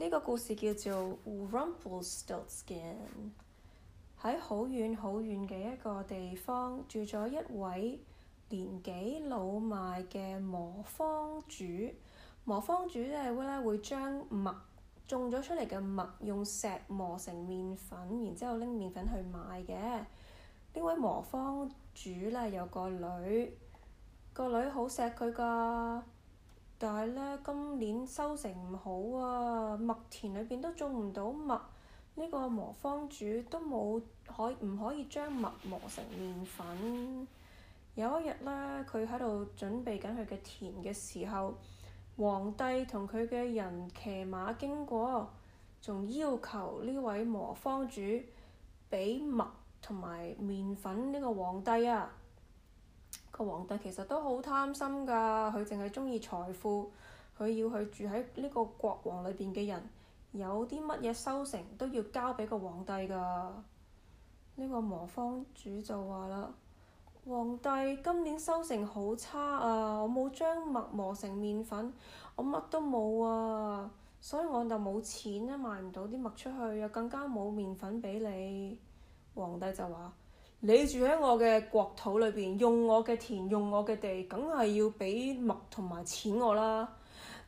呢個故事叫做《Rumpelstiltskin》。喺好遠好遠嘅一個地方住咗一位年紀老邁嘅磨坊主。磨坊主咧會將麥種咗出嚟嘅麥用石磨成麵粉，然之後拎麵粉去賣嘅。位方呢位磨坊主咧有個女，個女好錫佢㗎。但係咧，今年收成唔好啊，麥田裏邊都種唔到麥。呢個磨坊主都冇可唔可以將麥磨成麵粉？有一日咧，佢喺度準備緊佢嘅田嘅時候，皇帝同佢嘅人騎馬經過，仲要求呢位磨坊主俾麥同埋麵粉。呢個皇帝啊！個皇帝其實都好貪心㗎，佢淨係中意財富。佢要去住喺呢個國王裏邊嘅人有啲乜嘢收成都要交俾個皇帝㗎。呢、這個磨坊主就話啦：皇帝今年收成好差啊，我冇將麥磨成麵粉，我乜都冇啊，所以我就冇錢啊，賣唔到啲麥出去，又更加冇麵粉俾你。皇帝就話。你住喺我嘅國土裏邊，用我嘅田，用我嘅地，梗係要畀麥同埋錢我啦。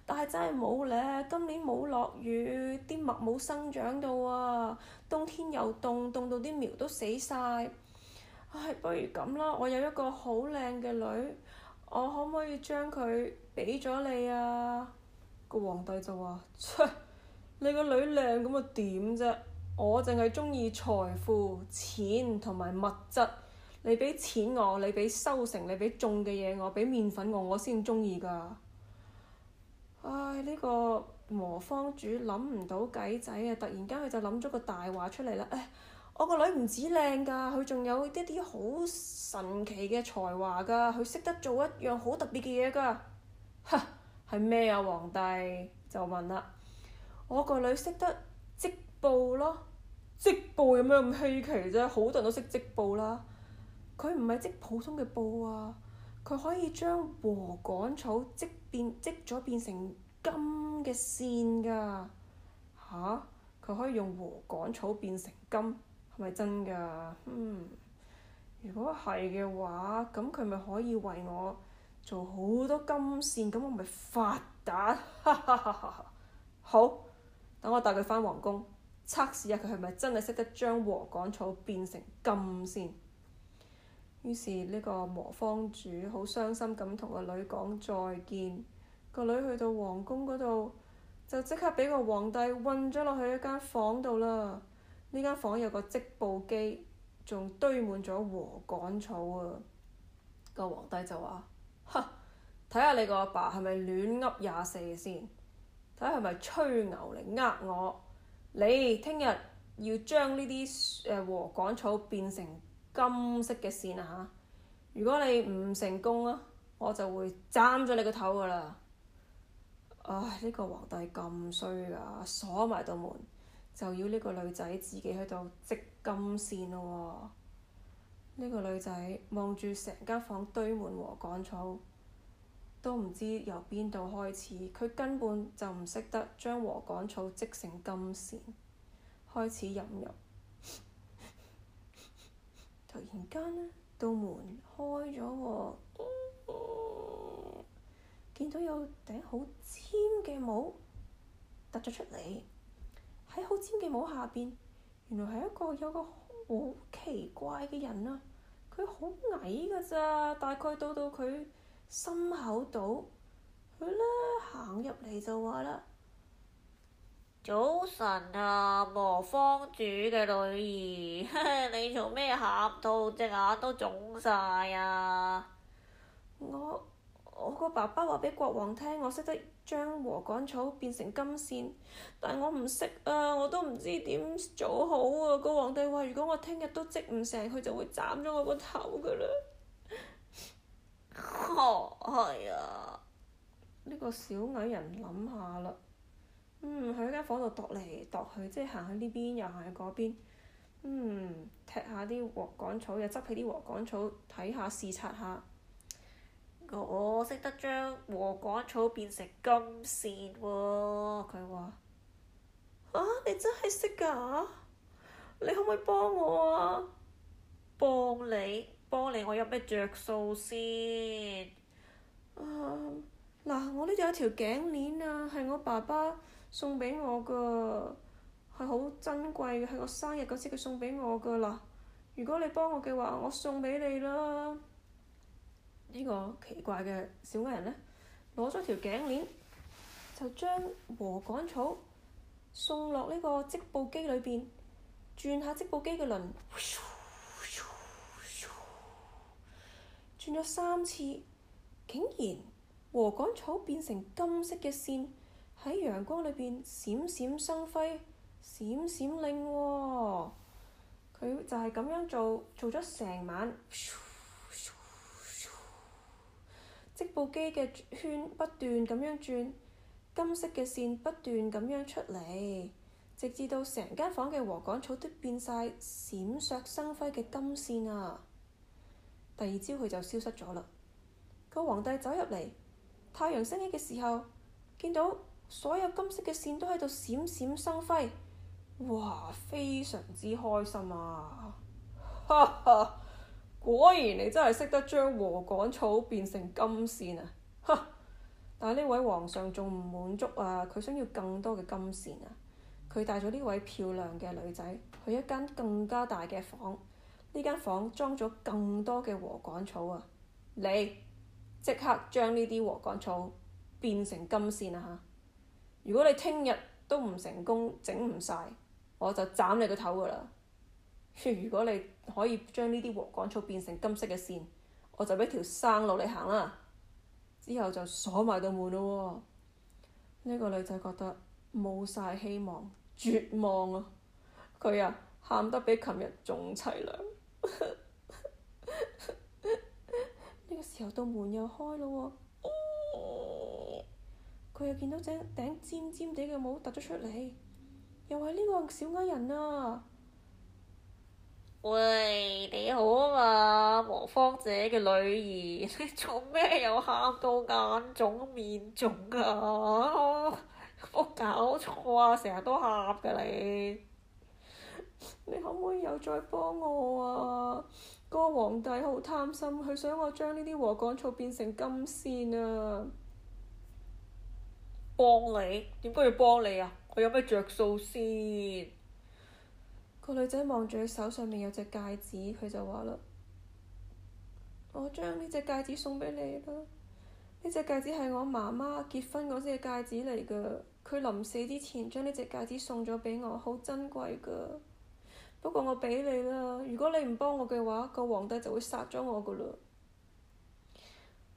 但係真係冇咧，今年冇落雨，啲麥冇生長到啊。冬天又凍，凍到啲苗都死晒。唉，不如咁啦，我有一個好靚嘅女，我可唔可以將佢俾咗你啊？個皇帝就話：切，你個女靚咁啊點啫？我淨係中意財富、錢同埋物質。你俾錢我，你俾收成，你俾種嘅嘢我，俾麵粉我，我先中意㗎。唉，呢個磨坊主諗唔到計仔啊！突然間佢就諗咗個大話出嚟啦。誒，我個女唔止靚㗎，佢仲有一啲好神奇嘅才華㗎。佢識得做一樣好特別嘅嘢㗎。嚇，係咩啊？皇帝就問啦。我個女識得織布咯。織布有咩咁稀奇啫？好多人都識織布啦。佢唔係織普通嘅布啊，佢可以將禾稈草織，織變織咗變成金嘅線㗎。吓、啊？佢可以用禾稈草變成金，係咪真㗎？嗯。如果係嘅話，咁佢咪可以為我做好多金線，咁我咪發達。 好，等我帶佢返皇宮。測試下佢係咪真係識得將禾稈草變成金先。於是呢個磨坊主好傷心咁同個女講再見。個女去到皇宮嗰度，就即刻俾個皇帝韞咗落去一間房度啦。呢間房有個織布機，仲堆滿咗禾稈草啊！個皇帝就話：嚇，睇下你個阿爸係咪亂噏廿四先，睇下係咪吹牛嚟呃我。你聽日要將呢啲誒禾稈草變成金色嘅線啊！嚇，如果你唔成功啊，我就會斬咗你個頭㗎喇！唉、啊，呢、呢個皇帝咁衰㗎，鎖埋道門就要呢個女仔自己喺度織金線咯喎！呢、呢個女仔望住成間房堆滿禾稈草。都唔知由邊度開始，佢根本就唔識得將禾杆草織成金線，開始引入。 突然間咧，道門開咗喎，見、嗯嗯、到有頂好尖嘅帽突咗出嚟，喺好尖嘅帽下邊，原來係一個有個好奇怪嘅人啊！佢好矮㗎咋，大概到到佢。心口度，佢咧行入嚟就話啦：早晨啊，磨坊主嘅女兒， 你做咩喊到隻眼都腫晒啊？我我個爸爸話畀國王聽，我識得將禾杆草變成金線，但我唔識啊，我都唔知點做好啊！個皇帝話，如果我聽日都織唔成，佢就會斬咗我個頭噶啦。哦，係啊，呢個小矮人諗下啦，嗯，喺間房度踱嚟踱去，即係行喺呢邊又行喺嗰邊，嗯，踢下啲禾稈草，又執起啲禾稈草睇下視察下。我我識得將禾稈草變成金線喎，啊，佢話。啊！你真係識㗎？你可唔可以幫我啊？幫你。幫你，我有咩着數先？嗱，uh，我呢度有條頸鏈啊，係我爸爸送俾我噶，係好珍貴嘅，係我生日嗰時佢送俾我噶。嗱，如果你幫我嘅話，我送俾你啦。呢個奇怪嘅小矮人呢，攞咗條頸鏈，就將禾稈草送落呢個織布機裏邊，轉下織布機嘅輪。轉咗三次，竟然禾稈草變成金色嘅線喺陽光裏邊閃閃生輝，閃閃靚喎！佢就係咁樣做，做咗成晚，織布機嘅圈不斷咁樣轉，金色嘅線不斷咁樣出嚟，直至到成間房嘅禾稈草都變晒閃爍生輝嘅金線啊！第二朝佢就消失咗啦。個皇帝走入嚟，太陽升起嘅時候，見到所有金色嘅線都喺度閃閃生輝，哇！非常之開心啊！哈哈，果然你真係識得將禾杆草變成金線啊！哈！但係呢位皇上仲唔滿足啊，佢想要更多嘅金線啊！佢帶咗呢位漂亮嘅女仔去一間更加大嘅房。呢間房裝咗更多嘅禾杆草啊！你即刻將呢啲禾杆草變成金線啊嚇！如果你聽日都唔成功整唔晒，我就斬你個頭噶啦！如果你可以將呢啲禾杆草變成金色嘅線，我就俾條生路你行啦、啊。之後就鎖埋道門咯、啊。呢、這個女仔覺得冇晒希望，絕望啊！佢啊，喊得比琴日仲淒涼。呢 個時候，道門又開咯喎、哦，佢、哦、又見到頂頂尖尖地嘅帽突咗出嚟，又係呢個人小矮人啊！喂，你好啊嘛，磨坊主嘅女兒，你做咩又喊到眼腫面腫啊？我，我搞錯啊，成日都喊㗎你。你可唔可以又再幫我啊？個皇帝好貪心，佢想我將呢啲禾杆草變成金線啊！幫你？點解要幫你啊？佢有咩着數先？個女仔望住佢手上面有隻戒指，佢就話啦：我將呢隻戒指送畀你啦。呢隻戒指係我媽媽結婚嗰陣嘅戒指嚟噶，佢臨死之前將呢隻戒指送咗畀我，好珍貴噶。不過我畀你啦，如果你唔幫我嘅話，個皇帝就會殺咗我噶嘞。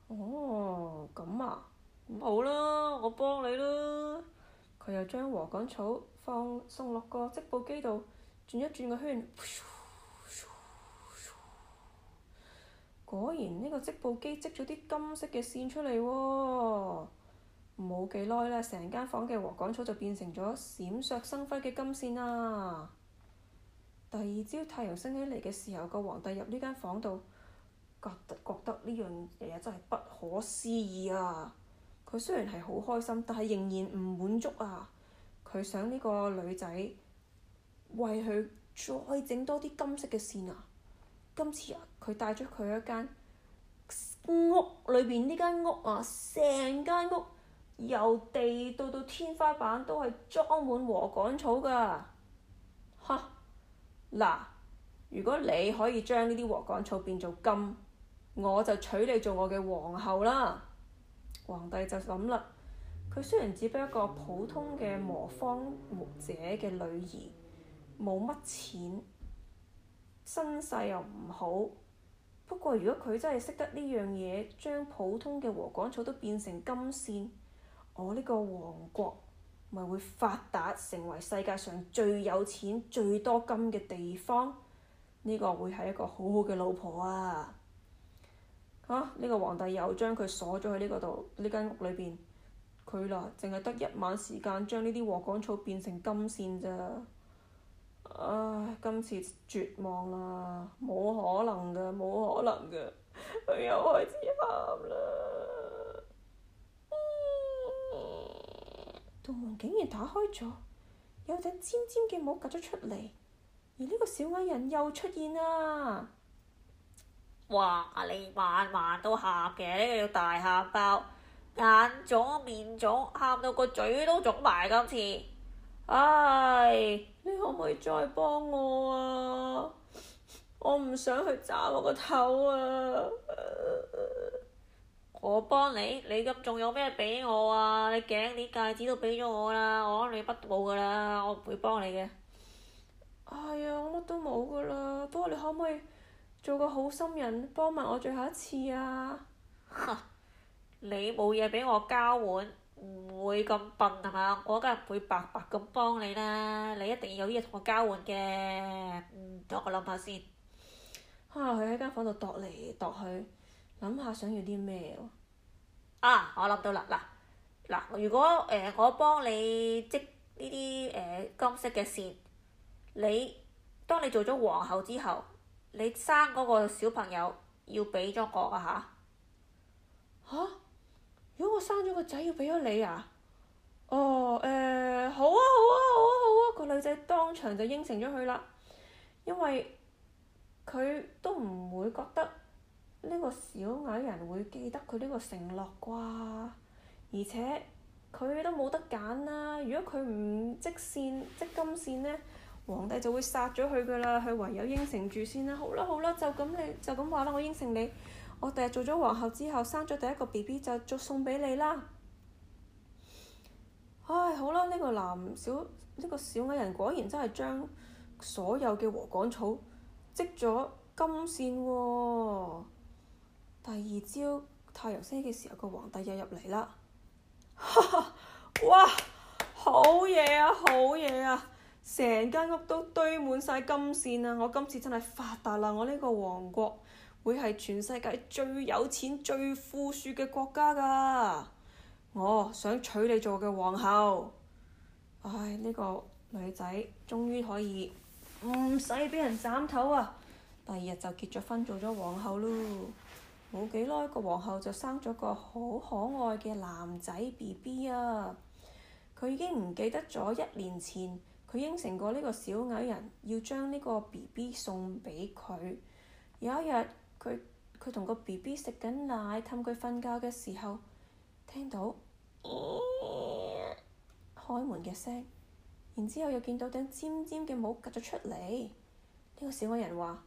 哦，咁啊，好啦，我幫你啦。佢又將禾稈草放送落個，個織布機度，轉一轉個圈，果然呢個織布機織咗啲金色嘅線出嚟喎、哦。冇幾耐咧，成間房嘅禾稈草就變成咗閃爍生輝嘅金線啦。第二朝太陽升起嚟嘅時候，個皇帝入呢間房度，覺得覺得呢樣嘢真係不可思議啊！佢雖然係好開心，但係仍然唔滿足啊！佢想呢個女仔為佢再整多啲金色嘅線啊！今次啊，佢帶咗佢去一間屋裏邊，呢間屋啊，成間屋由地到到天花板都係裝滿禾稈草㗎。嗱，如果你可以將呢啲禾杆草變做金，我就娶你做我嘅皇后啦！皇帝就諗啦，佢雖然只不過一個普通嘅磨坊者嘅女兒，冇乜錢，身世又唔好，不過如果佢真係識得呢樣嘢，將普通嘅禾杆草都變成金線，我呢個王國～咪會發達成為世界上最有錢、最多金嘅地方，呢、這個會係一個好好嘅老婆啊！嚇、啊，呢、這個皇帝又將佢鎖咗喺呢個度呢間屋裏邊，佢嗱淨係得一晚時間將呢啲禾杆草變成金線咋，唉、啊，今次絕望啦、啊，冇可能噶，冇可能噶，佢又開始喊啦～道門竟然打開咗，有頂尖尖嘅帽夾咗出嚟，而呢個小矮人又出現啦！哇，你晚晚都喊嘅，呢、呢個要大喊包，眼腫面腫，喊到個嘴都腫埋。今次，唉，你可唔可以再幫我啊？我唔想去砸我個頭啊！呃我幫你？你咁仲有咩俾我啊？你頸鍊戒指都畀咗我啦，我諗你乜都冇噶啦，我唔會幫你嘅。係、哎、呀，我乜都冇噶啦，不過你可唔可以做個好心人幫埋我最後一次啊？你冇嘢畀我交換，唔會咁笨係嘛？我梗係唔會白白咁幫你啦，你一定要有啲嘢同我交換嘅。等、嗯、我諗下先。啊，佢喺間房度踱嚟踱去。諗下想要啲咩喎？啊！我諗到啦，嗱嗱，如果誒、呃、我幫你織呢啲誒金色嘅線，你當你做咗皇后之後，你生嗰個小朋友要俾咗我啊吓？嚇、啊？如果我生咗個仔要俾咗你啊？哦誒、呃，好啊好啊好啊好啊！個、啊啊啊啊啊、女仔當場就應承咗佢啦，因為佢都唔會覺得。呢個小矮人會記得佢呢個承諾啩，而且佢都冇得揀啦。如果佢唔織線織金線呢，皇帝就會殺咗佢㗎啦。佢唯有應承住先啦。好啦，好啦，就咁你就咁話啦。我應承你，我第日做咗皇后之後，生咗第一個 B B 就就送俾你啦。唉，好啦，呢、這個男小呢、這個小矮人果然真係將所有嘅禾稈草織咗金線喎、啊。第二朝太陽升嘅時候，個皇帝又入嚟啦！ 哇，好嘢啊，好嘢啊！成間屋都堆滿晒金線啊！我今次真係發達啦！我呢個王國會係全世界最有錢、最富庶嘅國家㗎！我想娶你做我嘅皇后。唉，呢個女仔終於可以唔使俾人斬頭啊！第二日就結咗婚，做咗皇后咯～冇幾耐，個皇后就生咗個好可愛嘅男仔 B B 啊！佢已經唔記得咗一年前，佢應承過呢個小矮人要將呢個 B B 送俾佢。有一日，佢佢同個 B B 食緊奶，氹佢瞓覺嘅時候，聽到、呃、開門嘅聲，然之後又見到頂尖尖嘅帽擳咗出嚟。呢、呢個小矮人話：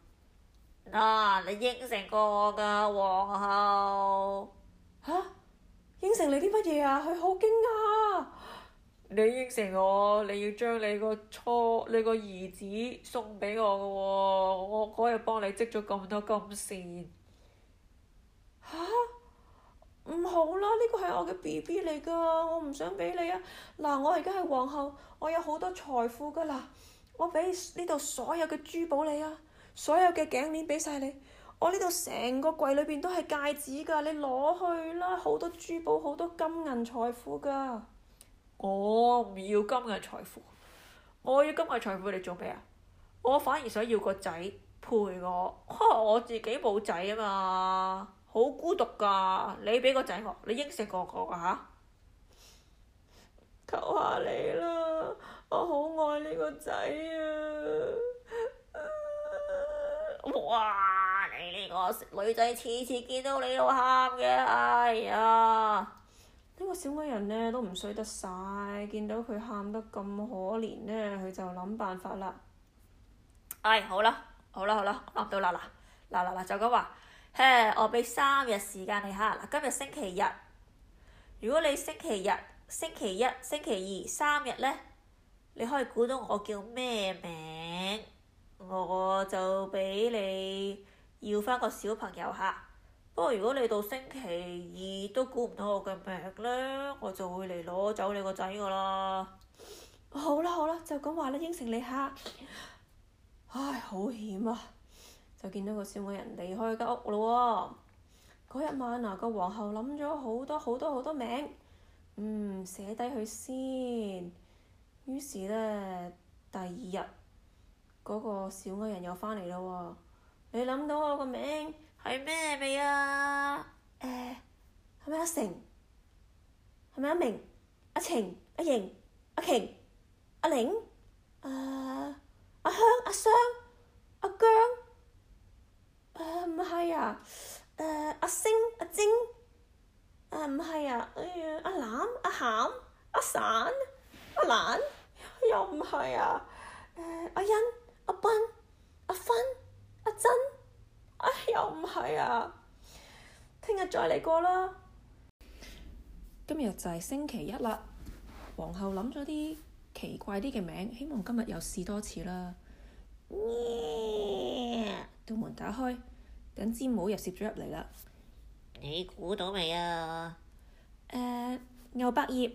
啊，你應承過我噶，皇后，吓？應承你啲乜嘢啊？佢好驚啊！你應承我，你要將你個初你個兒子送畀我噶喎，我嗰日幫你積咗咁多金線。吓、啊？唔好啦，呢個係我嘅 B B 嚟噶，我唔想俾你啊！嗱，我而家係皇后，我有好多財富噶啦，我俾呢度所有嘅珠寶你啊！所有嘅頸鏈俾晒你，我呢度成個櫃裏邊都係戒指㗎，你攞去啦！好多珠寶，好多金銀財富㗎。我唔要金銀財富，我要金銀財富，我要金銀財富你做咩啊？我反而想要個仔陪我呵，我自己冇仔啊嘛，好孤獨㗎。你俾個仔我，你應承過我㗎嚇？啊，求下你啦，我好愛呢個仔啊！哇！你呢個女仔次次見到你都喊嘅，哎呀，呢個小矮人呢都唔衰得晒，見到佢喊得咁可憐呢，佢就諗辦法啦。哎，好啦，好啦，好啦，嗱到嗱嗱嗱嗱嗱就咁話，嘿，我俾三日時間你吓，嗱今日星期日，如果你星期日、星期一、星期二三日呢，你可以估到我叫咩名？我就俾你要翻個小朋友嚇，不過如果你到星期二都估唔到我嘅名咧，我就會嚟攞走你個仔噶啦。好啦，好啦，就咁話啦，應承你嚇。唉，好險啊！就見到個小矮人離開間屋咯。嗰一晚嗱，個皇后諗咗好多好多好多名，嗯，寫低佢先。於是咧，第二日。嗰個小矮人又翻嚟啦喎！你諗到我個名係咩未啊？誒係咪阿成？係咪阿明？阿晴？阿瑩？阿瓊？阿、啊、玲？誒阿香？阿湘？阿姜？誒唔係啊！誒、啊啊、阿星？阿晶？誒唔係啊！哎呀，阿攬？阿、啊、鹹？阿散？阿蘭？又唔係啊！誒、啊、阿欣？阿斌、阿芬、阿珍，哎，又唔係啊！聽日再嚟過啦。今日就係星期一啦。皇后諗咗啲奇怪啲嘅名，希望今日又試多次啦。咦，到門打開，等支帽又攝咗入嚟啦。你估到未啊？誒、uh, 牛百葉，誒、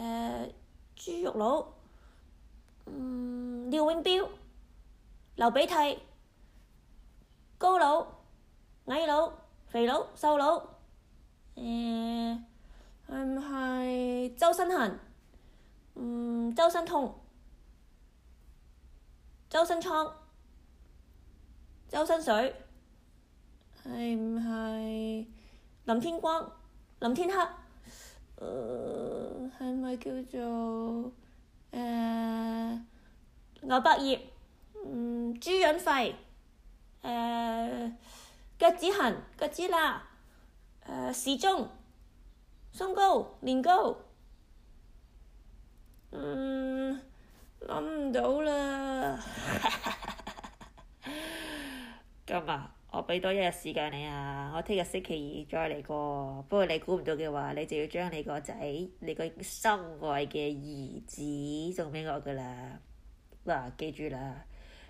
uh, 豬肉佬。嗯，廖永彪、劉比替、高佬、矮佬、肥佬、瘦佬，誒、呃，係唔係周身痕？嗯，周身痛，周身瘡，周身水，係唔係林天光、林天黑？誒、呃，係唔係叫做？誒，牛百葉，嗯，豬潤肺，誒、uh, 腳趾痕、腳趾罅，誒、uh, 時鐘，身高年糕，嗯，諗唔到啦，今 日、 啊。我畀多一日時間你啊，我聽日星期二再嚟過。不過你估唔到嘅話，你就要將你個仔、你個心愛嘅兒子送畀我噶啦。嗱、啊，記住啦，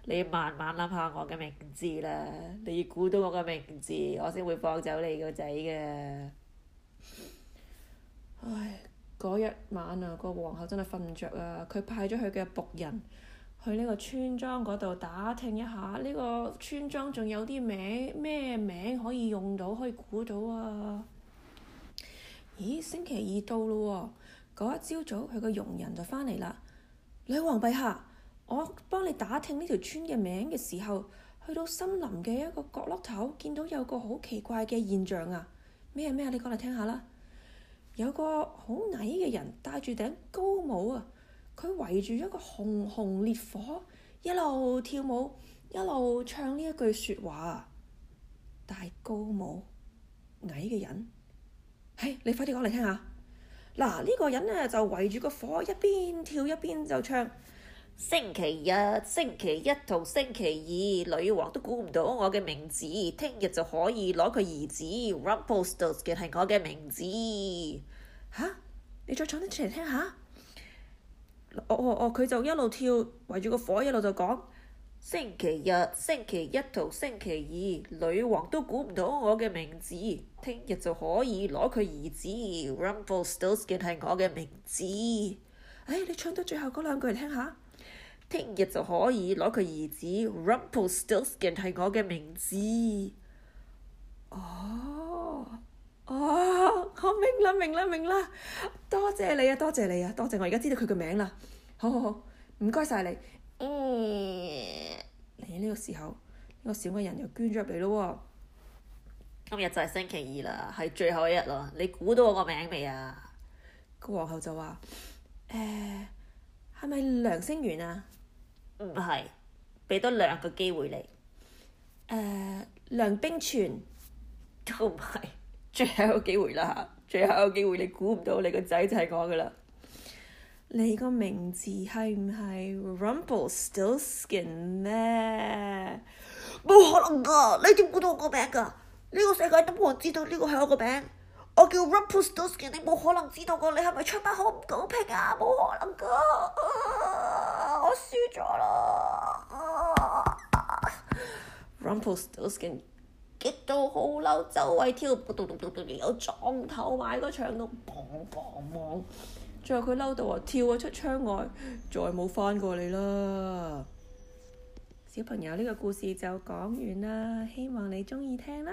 你要慢慢諗下我嘅名字啦。你要估到我嘅名字，我先會放走你個仔嘅。唉，嗰日晚啊，個皇后真係瞓唔著啊，佢派咗佢嘅僕人。去呢個村莊嗰度打聽一下，呢個村莊仲有啲名，咩名可以用到，可以估到啊？咦，星期二到咯喎！嗰一朝早，佢個傭人就翻嚟啦。女王陛下，我幫你打聽呢條村嘅名嘅時候，去到森林嘅一個角落頭，見到有個好奇怪嘅現象啊！咩啊咩啊，你講嚟聽下啦！有個好矮嘅人，戴住頂高帽啊！佢圍住一個熊熊烈火，一路跳舞，一路唱呢一句説話：大高舞矮嘅人，嘿，你快啲講嚟聽下。嗱，呢、呢個人呢，就圍住個火一邊跳一邊就唱：星期日、星期一同星，星期二，女王都估唔到我嘅名字。聽日就可以攞佢兒子 Rumpelstiltskin 係我嘅名字。吓？你再唱啲出嚟聽下。哦哦哦！佢、oh, oh, oh, 就一路跳，圍住個火一路就講：星期日、星期一同星期二，女王都估唔到我嘅名字。聽日就可以攞佢兒子 Rumpelstiltskin l 係我嘅名字。唉、哎，你唱到最後嗰兩句嚟聽下。聽日就可以攞佢兒子 Rumpelstiltskin l 係我嘅名字。哦。哦，我明啦，明啦，明啦！多謝你啊，多謝你啊，多謝我而家知道佢個名啦。好好好，唔該晒你。嗯，你呢、哎這個時候，呢、那個小矮人又捐咗入嚟咯。今日就係星期二啦，係最後一日咯。你估到我個名未啊？個皇后就話：誒、呃，係咪梁星源啊？唔係，俾多兩個機會你。誒、呃，梁冰泉都唔係。最後一個機會啦，最後一個機會，你估唔到你個仔就係我噶啦。你個名字係唔係 Rumpelstilskin 咧？冇可能噶，你點估到我個名噶？呢、這個世界都冇人知道呢個係我個名，我叫 Rumpelstilskin，你冇可能知道過。你係咪出賣，好唔公平啊？冇可能噶、啊，我輸咗啦。Rumpelstilskin、啊。激到好嬲，周圍跳，咚咚咚咚咚，有撞頭埋個牆度，砰砰砰！最後佢嬲到啊，跳咗出窗外，再冇返過嚟啦。小朋友呢個故事就講完啦，希望你鍾意聽啦。